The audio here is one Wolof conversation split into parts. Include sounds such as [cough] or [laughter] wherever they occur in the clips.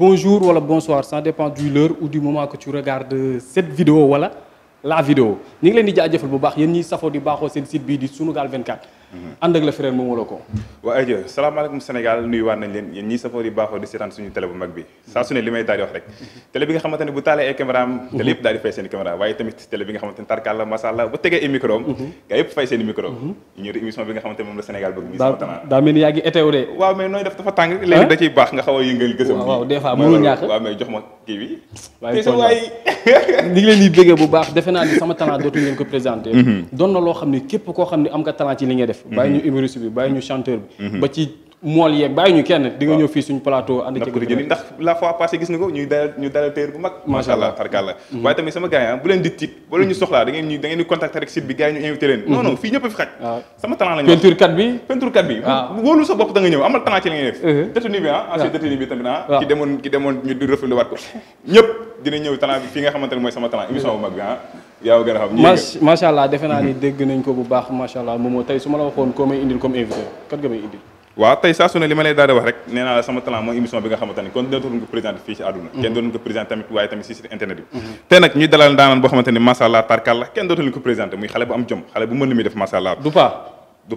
bonjour wala bonsoir ça dépend du l'heure ou du moment que tu regardes cette vidéo la vidéo ñu ngi leen di jaajëfal bu baax yéen ñiy safoo di baaxoo seen site bii di Sunugal 24 ànd ak la frère moom wala ko waa leen yéen ñii safoor yi ay am ne tarkalla masalla bu tegee ay micro am mhm. gaa yëpp fay mhm. a yëngal gësam waaw jox ma kii bi waaye ñu leen di bëgg bu baax defe naa ni sama talent dootuñu leen ko présenté mhm. doon na loo xam ne képp koo xam ne am nga talent ci li ngay def def. bàyyi ñu mhm. humoriste bi bàyyi ñu chanteur bi. Mhm. ba ci mool yeeg bàyyi ñu kenn di nga ñëw fii suñu plateau. ànd ci kër ndax la fois passée gis na ko ñuy dalal ñu dalal bu mag. macha allah tarkalla mhm. waaye tamit sama gars yi ah, leen ñu soxlaa da ñu da ngeen di contacter bi gars ñu invité leen. non non fii fi xaj. sama talent la ñu kat bi peinture kat bi. Ah. waaw wóolu sa bopp da nga ñëw amal talent ci li ngay def. détenu bi ah ensuite ah. détenu bi tamit ah. ki demoon xamante ne mooy sama talent émission bu yaa gën a xam ñii macha allah defe naa ni mhm. dégg nañ ko bu baax macha allah moom moo tey su ma la waxoon koo may indil comme invité kat nga may indil. waaw tey saa su ne li ma lay daal di wax rek nee naa la sama talent mooy émission bi nga xamante kon dina doon ko mhm. tamit waaye tamit ci site internet bi mhm. tey nag ñuy dalal ndaanaan boo xamante ni allah tarkal la kenn dootuñu muy xale bu am jom xale bu mën mi def macha allah du du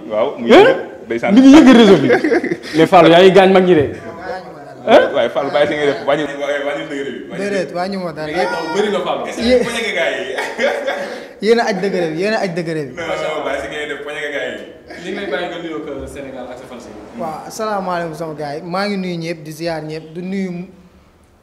waaw mu yëngu mi ngi yëngu ngi gaañ mag a aj dëgëre bi yi. maa ngi nuyu ñëpp di ziar ñëpp du nuyu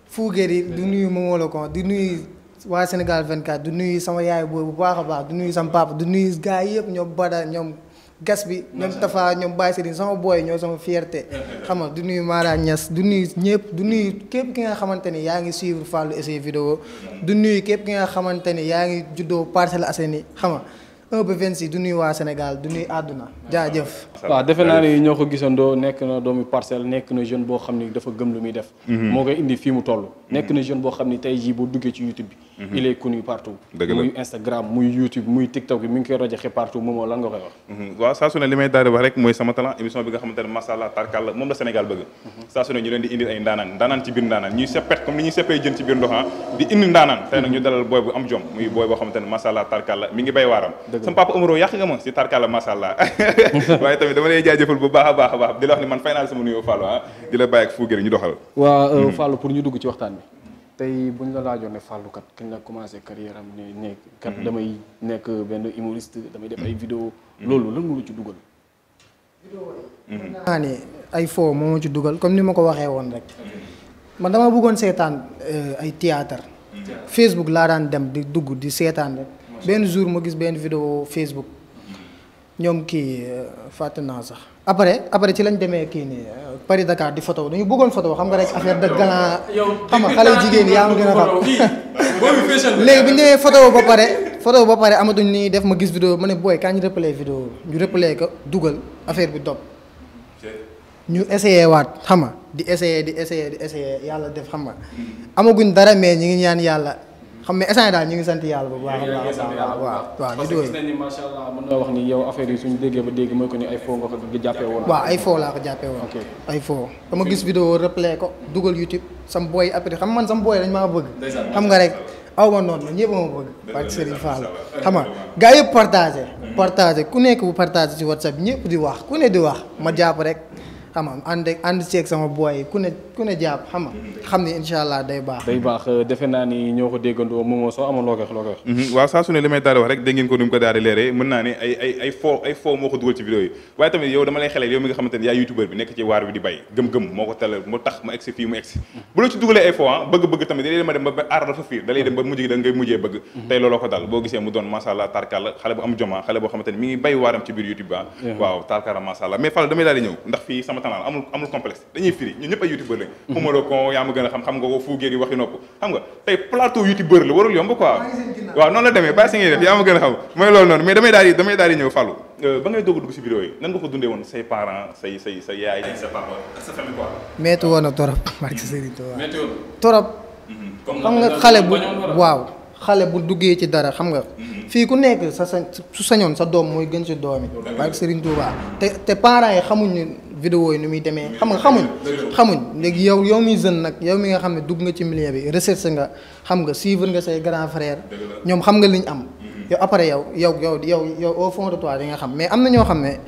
Fouguer yi du nuyu Momo Lokon du nuyu waa Sénégal 24 du nuyu sama yaay boobu bu baax a baax du nuyu sama papa du nuyu gars yëpp ñoom Bada ñoom gas bi ñoom Tafa ñoom Baye Serigne sama booy ñoo sama fierté [laughs] xam nga du nuyu Mara Niass du nuyu ñëpp du nuyu képp ki nga xamante ni yaa ngi suivre Fallou et video mm-hmm. du nuyu képp ki nga xamante ni yaa ngi juddoo Parcelles Assainies xam nga 1 ba 26 du nuyu waa Sénégal du nuyu àdduna jaajëf. waaw defe naa ni ñoo ko gisandoo nekk na doomu parcelle nekk na jeune boo xam ni dafa gëm lu muy def. Mhm. moo koy indi fii mu toll. Mhm. nekk na jeune boo xam ni tey jii boo duggee ci YouTube bi. Mhm. il est connu Instagram muy YouTube muy TikTok mi ngi koy rajaxe partout moom ne li may daal di wax rek mooy sama talent émission bi nga ne macha allah tarkal la moom la Sénégal bëgg. saa su ñu leen di indil ay ndaanaan ndaanaan ci biir ndaanaan ñuy seppet comme ni ñuy seppee jën ci biir ndox ah, di indi ndaanaan tey nag ñu dalal booy bu am jom muy booy boo xamante ne macha la mi ngi bay waaram sama papa Omaro yàq nga ma si tarkala macha allah [laughs] waaye tamit dama lay jaajëfal bu baax a baax a baax di la wax ne man fay naa sama nuyoo Fallou ah di la bàyyi ak Fouguere ñu doxal waaw euh, mhm. Fallou pour ñu dugg ci waxtaan bi tey bu ñu la laajoon ne Fallou kat kañ la commencé carrière am ne ne kat mhm. damay nekk benn humoriste damay def ay mhm. vidéo loolu lan ci dugal naa ne ay foo moo ci dugal comme ni ma ko waxee woon rek man dama bëggoon seetaan euh, ay théâtre Facebook laa daan dem di dugg di seetaan rek benn jour ma gis benn vidéo Facebook ñoom kii fàtte naa sax après après ci lañ demee kii nii Paris Dakar di photo dañu bëggoon photo xam nga rek affaire de galant xam nga xale jigéen yi yaa ma gën a xam léegi bi ñu demee photo ba pare photo ba pare amatuñ ni def ma gis vidéo ma ne booy kaa ñu replay vidéo ñu replay ko dugal affaire bi dop ñu essayé waat xam di essayé di essayé di essayé yàlla def xam amaguñ dara mais ñu ngi ñaan yàlla xam ne instant daal ñu ngi sant yàlla bu baax a baax waaw waaw parce que gis ni macha allah mën wax ni yow affaire yi suñu déggee ba dégg mooy ko ni ay foo nga ko jàppee woon waaw ay foo laa ko jàppee woon ay foo dama gis vidéo replay ko dugal youtube sam booy après xam man sam booy dañ maa bëgg xam nga rek aw ma noonu la ñëpp ma bëgg parce que Serigne Fall xam nga yëpp partagé hmm. partagé ku nekk bu partage ci whatsapp ñëpp di wax ku ne di wax ma jàpp rek xam nga ànd ànd ceeg sama booy ku ne ku ne jàpp xam xam ne incha allah day baax. day baax euh, defe naa ni ñoo ko déggandoo moomoo soo amoon loo koy loo mhm, saa su li may daal yi mu egsi fii mu xale bu am joma xale boo xamante ne mi ngi bay waaram ci biir youtube ba ah. waaw tarkalla masàllaa mais Fall damay daal di ñëw ndax fii sama talent amul amul complexe dañuy firi ñun ñëpp ay youtubeur lañ mhm. xumalo kon yaa ma gën a xam xam nga ko fuugéer yi waxi nopp xam nga tey plateau youtubeur la warul yomb quoi waaw a xam mooy euh, a dugg si vidéo nga ko dundee woon say bu waaw xale bu duggee ci dara xam nga mhm. fii ku nekk sa sa su sañoon sa doom mooy gën si doomi barke Serigne Touba te te parents yi xamuñ vidéo yi ni muy demee xam nga xamuñ xamuñ léegi yow yow muy jeune nag yow mi nga xam ne dugg nga ci milieu bi recherche nga xam nga suivre nga say grand frère ñoom xam nga liñ am mm-hmm. yow après yow yow yow yow yow au fond de toi di nga xam mais am na ñoo xam ne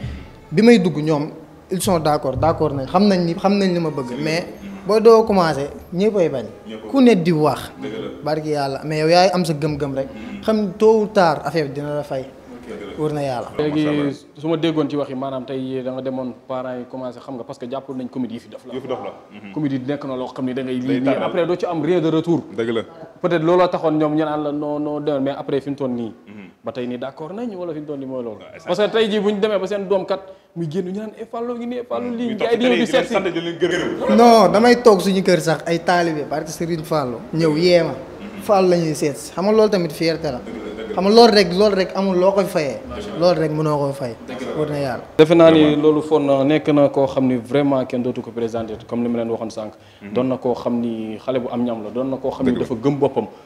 bi may dugg ñoom ils sont d'accord d'accord nañ xam nañ ni xam nañ li ma bëgg mais mm-hmm. boo doo commencé ñëppay bañ ku ne di wax barki yàlla mais yow yaay am sa gëm-gëm rek mm-hmm. xam tôt ou tard dina la fay wër na yàlla su ma déggoon ci wax yi maanaam tey da nga demoon parents yi commencé xam nga parce que jàppoon nañ comédie yi fi def la yu fi def taxoon ñoom ñu naan la non non demoon mais après fi mu toon nii mm-hmm. ba tey nii d' accord nañ wala nii mooy loolu parce que tey jii bu ñu demee ba seen doom kat muy génn ñu naan fàllu ngi ne fàllu lii gars di ñëw seet si non damay toog suñu kër sax ay taalibe parce que mm-hmm. si xam nga loolu tamit fierté la xam nga loolu rek loolu rek amul loo koy fayee. loolu rek mënoo ko fay. xam ni vraiment kenn dootu ko présenté comme li ma leen waxoon sànq. Mhm.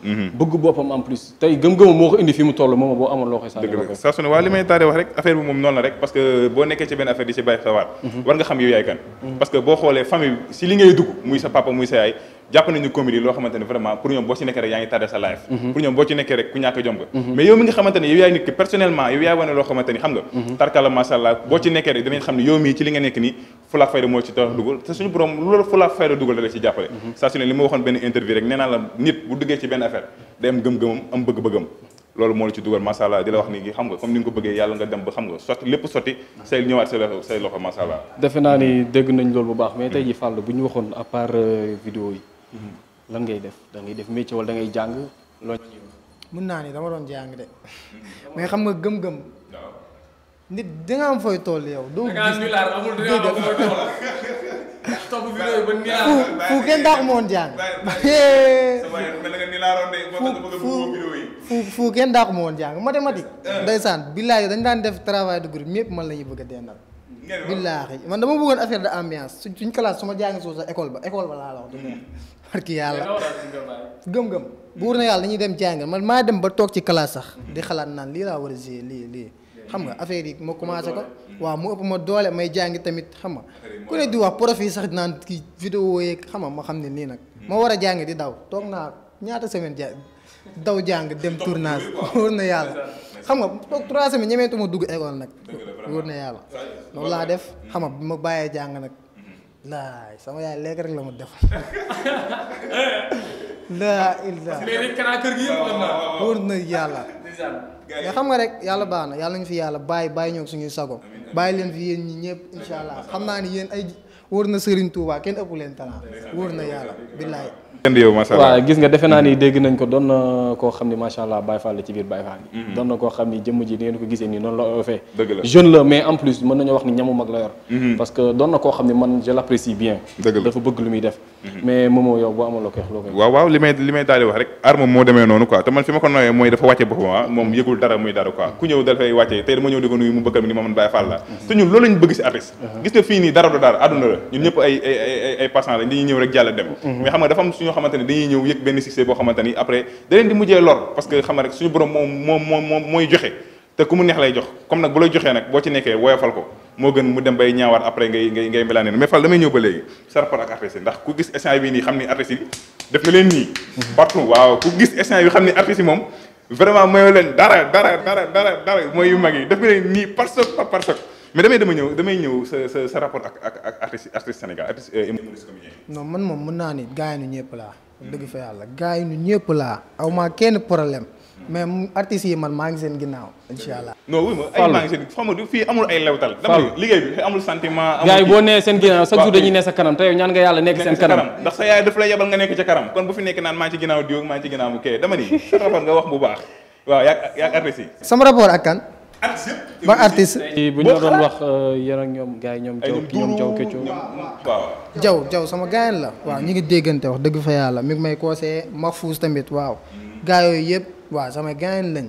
Mhm. en plus tey gëm-gëmu moo ko indi fi mu toll moom boo amoon loo koy sànni. dëgg la saa su ne waa li may taaree wax rek affaire bi moom mhm. war nga xam yow yaay kan. parce que boo xoolee famille si li ngay dugg muy sa papa muy sa yaay jàpp nañu comédie loo xamante ne vraiment pour ñoom boo ci nekkee rek yaa ngi tardé sa life mhm. pour ñoom boo ci nekkee rek ku ñàkk a jom nga mhm. mais yow mi nga xamante ne yow yaay nit ki personnellement yow yaay wane loo xamante ni xam nga mhm. tarkala masàllaa boo ci nekkee rek dinañ xam ne yow mii ci li nga nekk nii fulaa fayda moo ci tax dugal te suñu borom loolu fulaa fayda dugal la ci jàppale saa su ne li ma waxoon benn interview rek nee naa la nit bu duggee ci benn affaire day am gëm-gëmam am bëgg-bëggam loolu moo la ci dugal macha allah di la wax ni xam nga comme ni nga ko bëggee yàlla nga dem ba xam nga sotti lépp sotti say ñëwaat say loxo say loxo macha allah. defe naa ni dégg nañ loolu bu baax mais tey jii Fall bu ñu waxoon à part euh, vidéo yi. Mm-hmm. lan ngay def da def métier wala da ngay jàng loo mun naa ni dama doon jàng de mais xam nga gëm-gëm nit danga am fooy tool yow doo fu [laughs] kenn daa moon jàng [laughs] fu fu kenn daa moon jàng mathématique euh. ndeysaan billaay dañ daan def travail de groupe ñépp man la ñuy bëgg a dendal billaahi man dama bëggoon affaire de ambiance suñ suñ classe su ma jàngi suuf sax école ba école ba laa la wax du neex parce [laughs] yàlla gëm-gëm buur na yàlla dañuy dem jàng man maa dem ba toog ci classe sax di mhm. xalaat naan lii laa war a gée lii lii xam nga affaire yi ma commencé ko mhm. waaw mu ëpp ma doole may jàngi tamit xam nga ku ne di wax prof sax naan kii vidéo yeeg xam nga ma xam ne nii nag mhm. ma war a jàng di daw toog naa ñaata semaine ja daw jàng dem tournage wóor na yàlla xam nga toog trois semaines ñemeetuma dugg école nag wóor na yàlla loolu laa def xama bi ma bàyyee jàng nag laay sama yaay léegi rek la mu def laa illah wóor na yàlla nga xam nga rek yàlla baax na yàlla ñu fi yàlla bàyyi bàyyi ñoog suñuy sago bàyyi leen fi yéen ñi ñëpp insha allah xam naa ni yéen ay wóor na Serigne Touba kenn ëpp leen talaa wóor na yàlla billaay waaw waaw li may daal di wax rek arme moo demee noonu quoi te man fi ma ko noyee mooy dafa wàcce boppam ah. moom yëgul dara muy dara quoi ku ñëw dafay wàcce tey dama ñëw di ko nuyu mu bëkkal mi ni ma man Baye Fall mm-hmm. te ñun loolu lañ bëgg si artiste uh-huh. gis nga fii nii dara du dara àdduna la ñun ñëpp ay passant lañ dañuy ñëw rek jàll dem mm-hmm. mais xam nga dafa am suñu xamante ne dañuy ñëw yëg benn succès boo xamante ni après da leen di mujjee lor parce que xam nga rek suñu borom moom moom moom mooy joxe te ku mu neex lay jox comme nag bu la joxee nag boo ci nekkee woyofal ko moo gën mu dem bay ñaawaat après ngay ngay ngay mbelaan mais fal damay ñëw ba léegi sa ak artistes ndax ku gis échange bi nii xam ni artistes yi def nga leen nii partout waaw ku gis échange bi xam ni artistes yi moom vraiment mooy leen dara dara dara dara dara mooy yu mag yi mais damay dama ñëw damay ñëw sa sa sa rapport ak ak ak artiste artiste Sénégal artiste euh, man moom mën naa ni gars yi ñu ñëpp laa. dëgg fa yàlla gars yi ñëpp laa aw maa kenn problème. mais artistes yi man maa ngi seen ginnaaw incha allah. non wuy ma fii amul ay lewtal. dama liggéey bi amul sentiment. amul gars boo nee seen ginnaaw chaque jour dañuy ne sa kanam te yow ñaan nga yàlla nekk seen kanam. ndax sa yaay daf lay yebal nga nekk ca kanam. kon bu fi nekk naan maa ci ginnaaw diw wax bu baax waaw yaa ak artistes ak kan ban artiste. bu ñu doon wax euh, yéen ñoom gars yi ñoom jaw ñoom jaw Kécco. waaw jaw jaw sama gaayan la. waaw ñu ngi déggante wax dëgg fa yàlla mi ngi may ma Mahfouz tamit waaw. gars yooyu yëpp waaw sama gaayan lañ.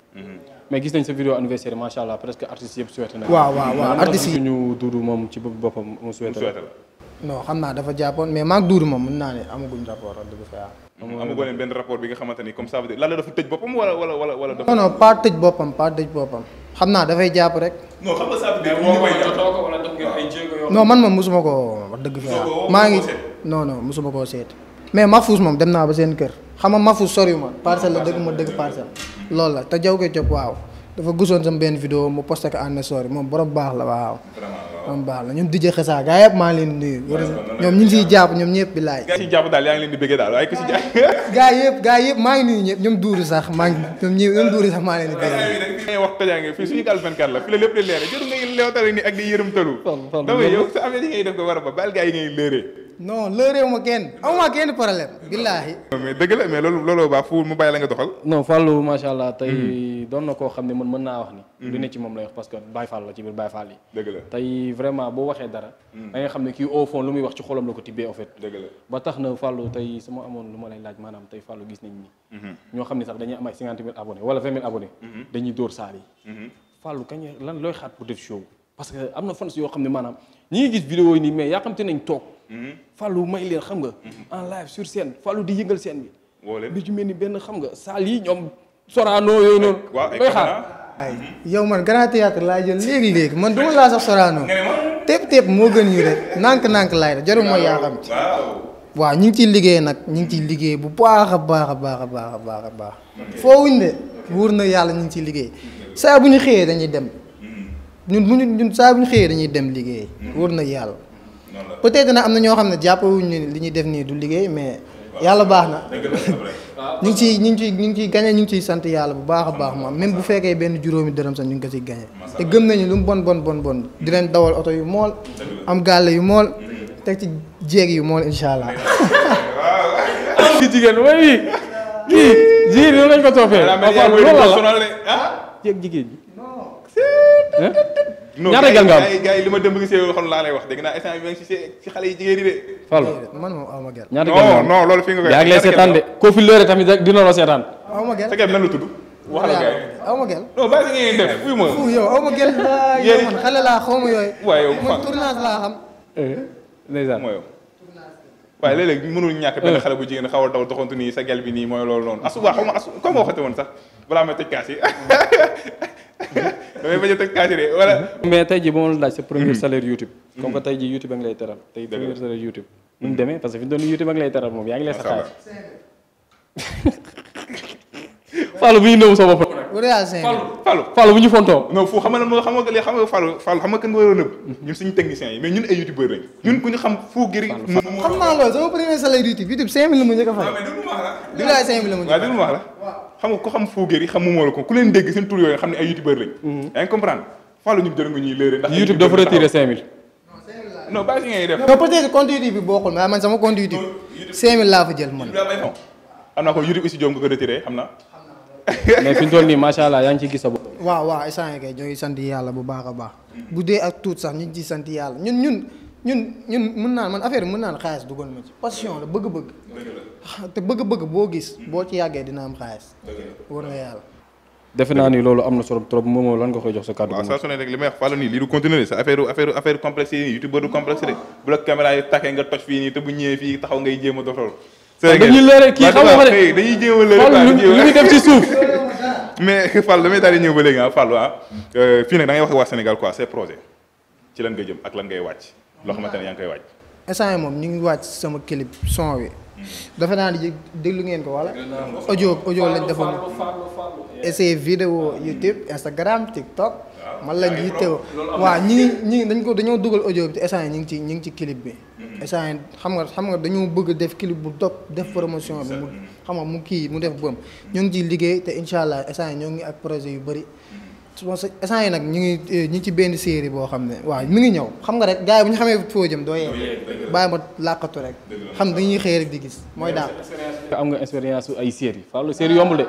mais gis nañ sa vidéo anniversaire macha allah presque artistes yëpp souhaité na. waaw waaw waaw artistes yi ñu duudu moom ci boppam mu souhaité la. non xam naa dafa jàppoon mais maag duudu moom mën naa ne amaguñ rapport wax dëgg fa yàlla. amagu leen benn ni comme ça veut dire lan la dafa tëj boppam wala tëj boppam xam naa dafay jàpp rek. noo man moom mosuma koo wax dëgg fa maa ngi non non mosuma koo seet. mais Mahfouz moom dem naa ba seen kër xam nga Mahfouz soriw ma parcelle la dëgg ma dëgg parcelle. loolu la te jaw ko cop waaw dafa gusoon sama benn vidéo mu posté ko en story moom borom baax la waaw. moom baax la ñoom DJ Xassa gaa yëpp maa leen di ñoom ñu ngi siy jàpp ñoom ñëpp bi laay. gaa siy jàpp daal yaa ngi leen di bëggee daal waaye ku si jàpp. [laughs] gaa yëpp gaa maa ngi nuyu ñoom duuru sax maa leen di bëggee. wax tajaange fii suñu gaal 24 la fi di leer jëru ngay ni ak di yërëm talu. yow sa am na li ngay def ko war ba baal gaa yi ngay léeree non lëreew ma kenn amuma kenn problème. billaahi. mais la mais loolu looloo baax fu mu bàyyi la nga doxal. non Fallou macha allah tey hmm. doon na koo xam ne man naa wax ni. lu hmm. ne ci moom lay wax hmm. en fait. dëgg la ba tax na Fallou tey sama amoon ma lay laaj maanaam tey Fallou gis nañ ñoo xam ne sax dañuy am ay cinquante mille abonnés wala vingt mille abonnés. dañuy dóor saa yi. Fallou looy xaat pour def show parce que am na fans yoo xam ne maanaam ñi ngi gis vidéo yi nii mais yaa xam te nañ toog Fallou may leen xam nga. en live sur scène Fallou di yëngal scène bi. woo leen ci mel ni benn xam nga saal yi ñoom. Sorano yooyu noonu. waaw ay ay yow man grand théâtre laa jël léegi léegi man duma laa sax Sorano. tepp tepp moo gën ñu rek nànk nànk laay def jarul mooy yaa xam ci. waaw ñu ngi ciy liggéey nag ñu ngi ciy liggéey bu baax a baax a baax a baax a baax a baax foowuñ de wóor na yàlla ñu ngi ciy liggéey saa bu ñu xëyee dañuy dem mm-hmm. ñun bu ñu ñun saa bu ñu xëyee dañuy dem liggéey mm-hmm. wóor na yàlla peut-être na am na ñoo xam ne jàppawuñ ne li ñuy def nii du liggéey mais yàlla baax na ñu ngi ciy ñu ngi ciy ñu ngi ciy gañe ñu ngi ciy sant yàlla bu baax a baax moom même bu fekkee benn juróomi dërëm sax ñu ngi ko ciy gañe te gëm nañu lu mu bon bon bon bon di leen dawal oto yu mool am gàll yu mool mm-hmm. teg ci jéeg yu mool incha allah. [laughs] kii jii noonu lañ ko toppee. voilà jéeg ah? jigéen ji. non ñaata gel nga yi li ma dem gisee xol laa lay wax dégg naa instant bi ma ngi xale yi jigéen yi de. Fall man moom aw ma gel. ñaata gel non non loolu fi nga koy yaa ngi lay seetaan de koo fi lëre tamit rek dina la seetaan. aw gel sa gel nan la tudd. waxal gars yi aw ma gel. non yow aw xale laa xaw yooyu. waaw yow laa xam. Eh, ndeysaan waaye léeg-léeg ñàkk benn euh. xale bu jigéen xaw a daw doxantu nii sa gel bi nii mooy loolu noonu asu waa xaw ma woon sax balaa ma tëj kaas yi [laughs] damay bañ a tëj mm-hmm. la laaj sa premier mm-hmm. salaire YouTube comme que mm-hmm. tey ji YouTube a ngi lay teral tey premier salaire YouTube nu demee parce que fi doon YouTube a ngi lay moom yaa ngi lay ah, sa xaalis [laughs] Fallou bu ñu nëw sa Fallou Fallou bu ñu fontoo non foo xam nga moo xam nga léegi xam nga Fallou Fallou xam nga kan a nëbb yi mais ñun ay youtubeur lañ ñun ku ñu xam foo xam naa loolu sama premier salaire youtube youtube cinq mille la mu njëkk a fay bilaay cinq mille la mu njëkk a ma wax mhm. man sama compte youtube cinq laa fa jël man am naa ko youtube aussi joom nga ko retiré xam naa [laughs] mais fi mu toll nii macha allah yaa ngi ciy gis sa bopp. waaw waaw échange kay ñoo ngi sant yàlla bu baax a baax bu dee ak tuut sax ñu ji santi sant yàlla ñun ñun ñun ñun mën naan man affaire bi mën naan xaalis dugal ma ci passion la bëgg-bëgg. Ah, te bëgg-bëgg boo gis boo ci yàggee dina am xaalis. war na yàlla. defe naa ni loolu am na solo trop moom lan nga koy jox sa kàddu. waaw saa su ne rek li may wax fàllu nii lii du continuer sa affaire affaire affaire yi bu la caméra yi nii te bu ñëwee taxaw ngay jéem a sëñ dañuy lëre kii xam nga de dañuy jéem a lëre lu ñu def ci suuf. [laughs] mais Fall damay daal di ñëw ba léegi ah Fall waa ah. euh, fii nag da ngay wax waa Sénégal quoi c'est projet ci lan nga jëm ak lan ngay wàcc loo xamante ne yaa ngi koy wàcc. instant yi moom ñu ngi wàcc sama clip son wi. dafa naa di déglu ngeen ko wala. audio audio lañ defoon. essayé vidéo YouTube Instagram TikTok. man lañ yittewoo waaw ñi ngi ñi dañ ko dañoo dugal audio bi te instant ñi ngi ci ñi ngi ci clip bi instant xam nga xam nga dañoo bëgg def clip bu top def promotion bi mu xam nga mu kii mu def bëm ñoo ngi ciy liggéey te incha allah instant ñoo ngi ak projet yu bëri instant yi nag ñu ngi eh, ñi ci benn série boo xam ne mi ngi ñëw xam nga rek gars bu ñu xamee foo jëm doo yee bàyyi ma làqatu rek xam dañuy xëy rek di gis mooy daal am nga expérience ay série Fallou série yombul de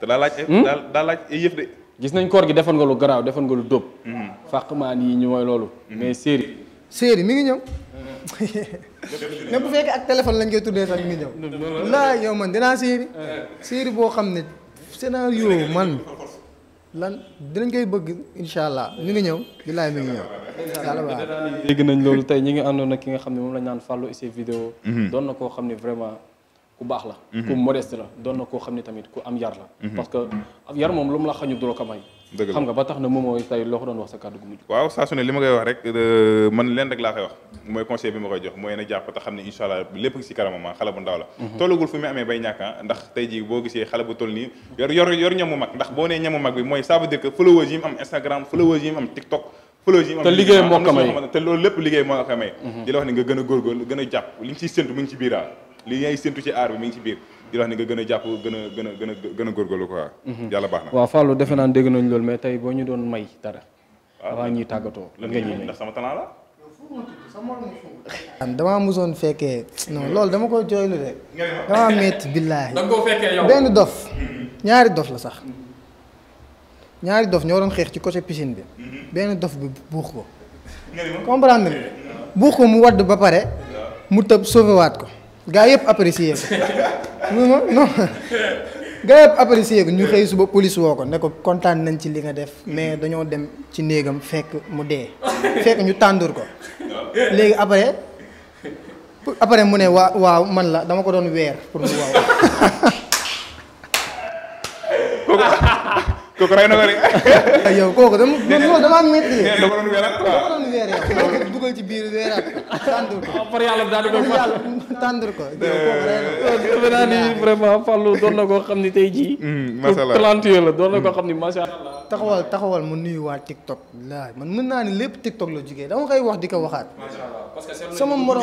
te daa laaj hmm? daa laaj de gis nañ koor gi defoon nga lu garaaw defoon nga lu dóob. Mm-hmm. fàqmaan yi ñu mooy loolu. Mm-hmm. mais série. série mi ngi ñëw. ne mm-hmm. bu fekkee ak téléphone lañ koy tuddee sax mi ngi ñëw. laa yow man dinaa série. Euh. séeri boo xam ne scénario man lan dinañ koy bëgg incha allah mi ngi ñëw billaay mi ngi ñëw. yàlla nañ loolu tey ñu ngi àndoon ak ki nga xam ne moom la ñaan fàllu ci vidéo doon na koo xam ne vraiment. ku baax la mhm. ku modeste la doon na koo xam ne tamit ku am yar la mhm. parce que yar moom lu mu la xañu du ko may xam nga ba tax na moom mooy tey loo ko euh, xam ne incha lépp liggéey moo ko may may mhm. di la wax ne nga gën a góorgóorlu a jàpp li ñu siy séntu mu ngi ci biiraa ah. li ngay séntu ci aar bi mi ngi ci biir di wax ne nga gën a jàpp gën a gën a gën a gën a góorgóorlu quoi mhm. yàlla baax na waaw defe naan dégg nañ loolu mais tey boo ñu doon may dara ah, avant ñuy tàggatoo lan nga ñuy may ndax sama talent la [laughs] damaa musoon fekkee loolu dama ko jooylu de damaa métti billaahi benn dof mhm. ñaari dof la sax mhm. ñaari dof ñoo doon xeex ci côté piscine bi benn dof bi buux ko comprendre buux ko mu wadd ba pare mu tëb sauvé waat ko gaa yëpp apprécier ko [laughs] non non gaa yëpp apprécier ko ñu xëy suba police woo ko ne ko kontaan nañ ci li nga def mais dañoo dem ci néegam fekk mu dee fekk ñu tàndur ko léegi après après mu ne waa waaw man la dama ko doon weer pour mu waaw [laughs] kooku na ko [laughs] yow kooku dama dama métti. [laughs] biir weeraat yàlla daal di koy yàlla tàndur na koo xam ni tey jii. Mm, macha la doon na mm. xam ni macha allah. taxawal ma mu nuyu waa TikTok. laay man mën naa ni lépp TikTok la jógee dama koy wax di ko waxaat. macha allah sama morom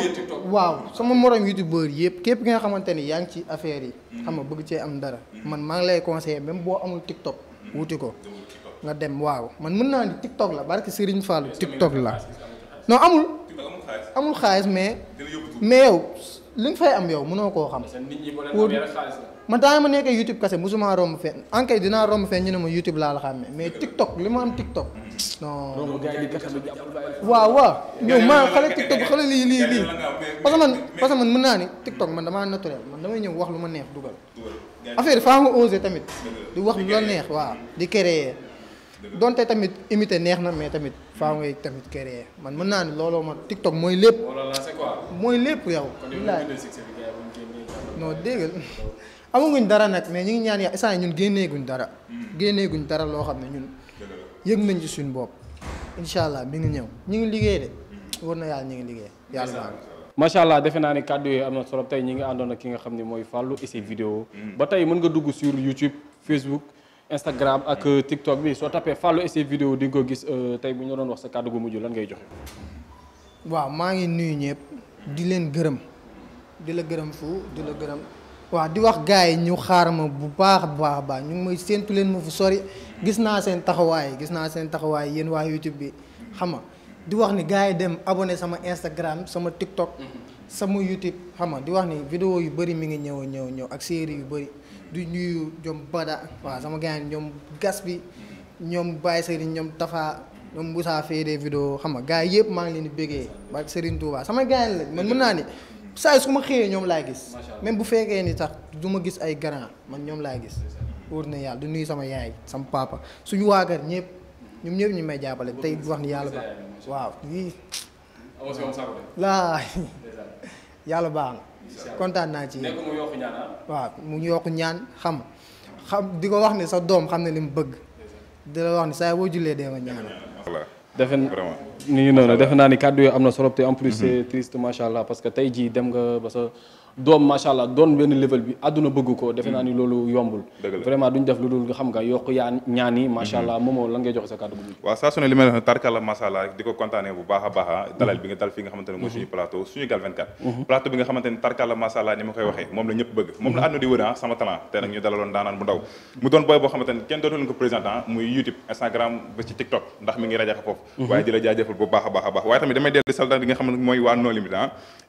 waaw sama morom youtubeur yëpp képp ki nga xamante ni yaa ngi ci affaire yi. Mm. xam nga bëgg cee am dara. man maa ngi lay conseiller même boo amul TikTok wuti ko nga dem waaw man mën naa ni TikTok la barke Serigne Fallou TikTok la non amul. amul xaalis mais. mais yow li nga fay am yow mënoo koo xam. wut man daa ma nekkee YouTube kese mosuma romb fenn enquête dinaa romb fenn ñu ne ma YouTube laa la xàmmee mais TikTok li ma am TikTok. non waaw waaw yow maa xale TikTok xale lii lii lii parce que man parce que man mën naa ni TikTok man damaa naturel man damay ñëw wax lu ma neex dugal. affaire faa nga osé tamit. di wax lu la neex waaw di créer. donte tamit imité neex na mais tamit faa ngay tamit créer man mën naa ne looloo ma TikTok mooy lépp. mooy lépp yow. non dégg [laughs] amaguñ dara nag mais ñu ngi ñaan yàlla instant ñun génneeguñ dara. Hmm. génneeguñ dara loo xam ne ñun. yëg nañ ci suñu bopp. incha allah mi ngi ñëw ñu ngi liggéey de. Hmm. war na yàlla ñu ngi liggéey yàlla macha allah defe naa ni kàddu yooyu am na solo tey ñi ngi àndoon ak ki nga xam ne mooy Fallou et ses mm. ba tey mën nga dugg sur YouTube Facebook Instagram ak mm. euh, TikTok bi soo tapee Fallou et ses di nga ko gis euh, tey bu ñu doon wax sa kàddu gu mujj lan ngay joxe. waaw maa ngi nuyu ñëpp di leen gërëm di la gërëm fu di la gërëm. waaw di wax gars yi ñu xaar ma bu baax baax baax ñu ngi may séentu leen ma fu sori gis naa seen taxawaay gis naa seen taxawaay yéen waa YouTube bi xam nga di wax ni gars yi dem abone sama Instagram sama TikTok. Mhm. sama YouTube xam nga di wax ni vidéo yu bëri mi ngi ñëw ñëw ñëw ak série yu bëri mhm. du ñuyu ñoom Bada waaw sama gars yi ñoom gas bi ñoom Baye Serigne ñoom Tafa ñoom Moussa Fédé vidéo xam nga gars yi yëpp maa ngi leen di bëggee ba Serigne Touba sama gars yi lañ man mën naa ni saa su ma xëyee ñoom laay gis. même bu fekkee ni sax du ma gis ay grand man ñoom laay gis. wóor na yàlla du nuyu sama yaay sama papa suñu waa kër ñëpp. ñoom ñëpp ñu may jàppale tey wax ni yàlla baax waaw lii laa yàlla baax na kontaan naa ci ah. waaw mu yokk ñaan xam xam di ko wax ne sa doom xam ne ni mu bëgg di la wax ne saa boo jullee dee ñaan defe ni ngi noonu defe naa ni kàddu yi am na solo te en plus mhm. c'est triste macha allah parce que tey jii dem nga ba sa doom macha allah doon benn level bi àdduna bëgg ko defe naa hmm. ni loolu yombul vraiment duñ def lu dul xam nga yokk yaa ñaan yi allah moomoo hmm. lan ngay joxe sa kàddu gu waaw saa su ne li may wax allah di ko kontaanee bu baax a ah. dalal bi nga dal fi nga xamante mooy ba ci waa non limite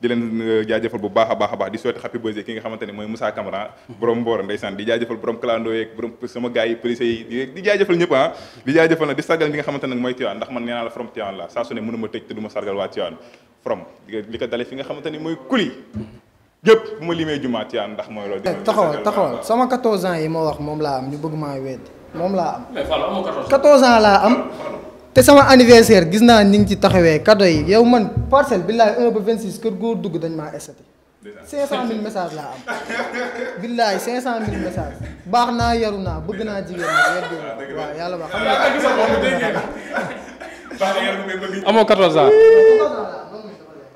di leen jaajëfal bu baax a baax di souhaité happy birthday ki nga xamante ne mooy Moussa Camara borom Mboro ndeysaan di jaajëfal borom clando yeeg borom sama gars yi police yi di jaajëfal ñëpp ah di di sargal li nga mooy Tiwaan ndax man nee naa la from Tiwaan la saa su ne mënu ma tëj te du ma sargal mooy kuli yëpp ndax mooy eh, taxawal taxawal sama 14 ans yi moo wax moom laa am ñu bëgg maa wedd moom laa am 14 ans laa am te sama anniversaire gis naa ni ngi taxawee cadeau yi yow man parcelle billaay 1 ba cinq cent mille messages laa am billaay cinq cent mille messages baax naa yaru naa bëgg naa jigéen ñi yeddi waaw ah, yàlla baax ah, amoo 14 ans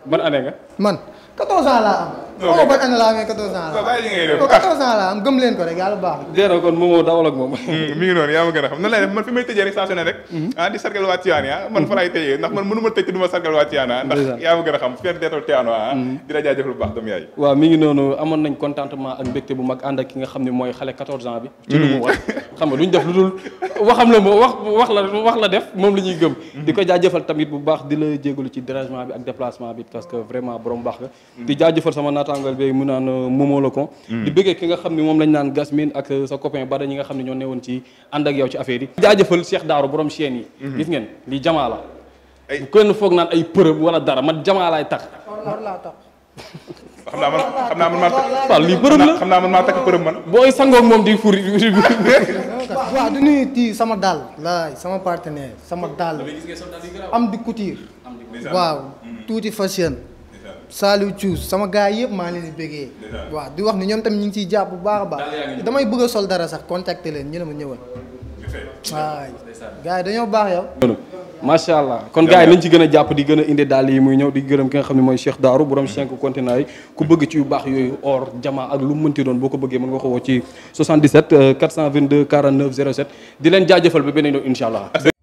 ban année nga man 14 ans laa am non ban a la amee 14 ans la. waaw ans la am gëm leen ko rek yàlla baax na. dee na kon moom moo dawal moom. Mm, mi ngi noonu yaa ma gën a xam nan lay def man fi may tëjee rek rek. Mm-hmm. Ah, di sargal waa Tivaouane ah man fa laay tëjee ndax man mënu ma tëj te du ma sargal waa Tivaouane yaa ma gën a xam fier d'être Tivaouane ah mm-hmm. di la jaajëf lu baax doomu yaay. waaw mi ngi bu mag ki nga xam ne mooy xale 14 ans bi. ci mm-hmm. xam nga moo wax wax la wax la def moom la ñuy gëm di ko jaajëfal tamit bu baax di la jégalu ci dérangement bi ak déplacement bi parce que vraiment borom baax nga di jaajëfal sama naataangal beeg mu naan euh, Momo la ko hmm. di bëggee ki nga xam ne moom lañ naan gas Gasmin ak sa copain Bada ñi nga xam ne ñoo newoon ci ànd ak yow ci affaire yi jaajëfal Cheikh Daaro borom chaîne yi hmm. gis ngeen lii jamaa la bu kenn foog naan ay përëb wala dara man jamaa laay tax xam naa man xam naa man maa takk lii përëm la xam naa man maa takk përëm man booy sangoog moom di furi waaw du nuyu tii sama daal sama partenaire sama daal am di couture waaw hmm. tuuti fashion saalu Thiouz sama gars yëpp maa leen di bëggee. waaw di wax ni ñoom tamit ñu ngi ci jàpp bu baax a baax. damay bëgg a sol dara sax contacter leen ñu ne ma ñëwal. waay gars yi dañoo baax yow. macha allah kon gars yi nañ ci gën a jàpp di gën a indi daal yi muy ñëw di gërëm ki nga xam ne mooy Cheikh Darou borom cinq continents yi ku bëgg ci yu baax yooyu or jama ak lu mu mënti doon boo ko bëggee mën nga ko woo ci 77 euh, 422 49 07 di leen jaajëfal ba beneen yoon incha allah.